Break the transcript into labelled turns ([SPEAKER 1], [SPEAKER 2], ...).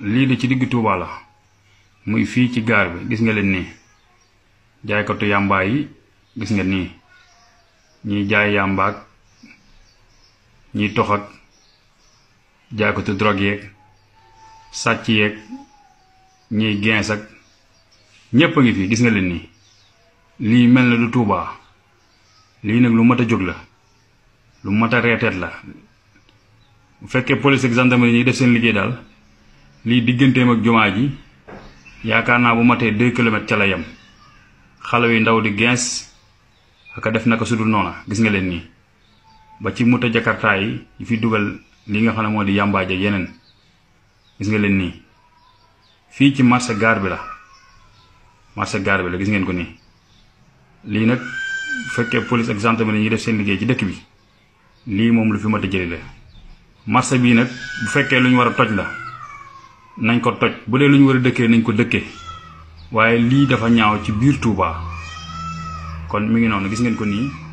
[SPEAKER 1] li di ci digg Touba la muy fi ci gar bi gis nga jaay ko to yamba yi gis nga ni ñi jaay ak ñi tox ak to drogue yek sàcc yek ñi gens ak ñepp a ngi fi gis nga len ni li mel na du Touba li nak lu mata jog la lu mata retet la fekke police ak gendarmerie ñi def seen dal li digënté mak jumaa ji yaakaar naa bu maté 2 km ci la yam xalé yu ndaw di gens aka def naka sudul nona gis nga len ni ba ci muta jakarta yi yu fi duggal li nga xam modi moo di yàmbaaje gis nga len ni fi ci marché gar bi la marché gar bi la gis ngeen ko ni li nak fekke police ak gendarmerie ñi def seen liggéey ci dëkk bi li mom lu fi mat jëlé marché bi nak bu fekke luñu wara toj la nañ ko toj bu dee lu ñu war dëkkee nañ ko dëkkee waaye lii dafa ñaaw ci biir tuubaa kon mu ngi noonu gis ngeen ko nii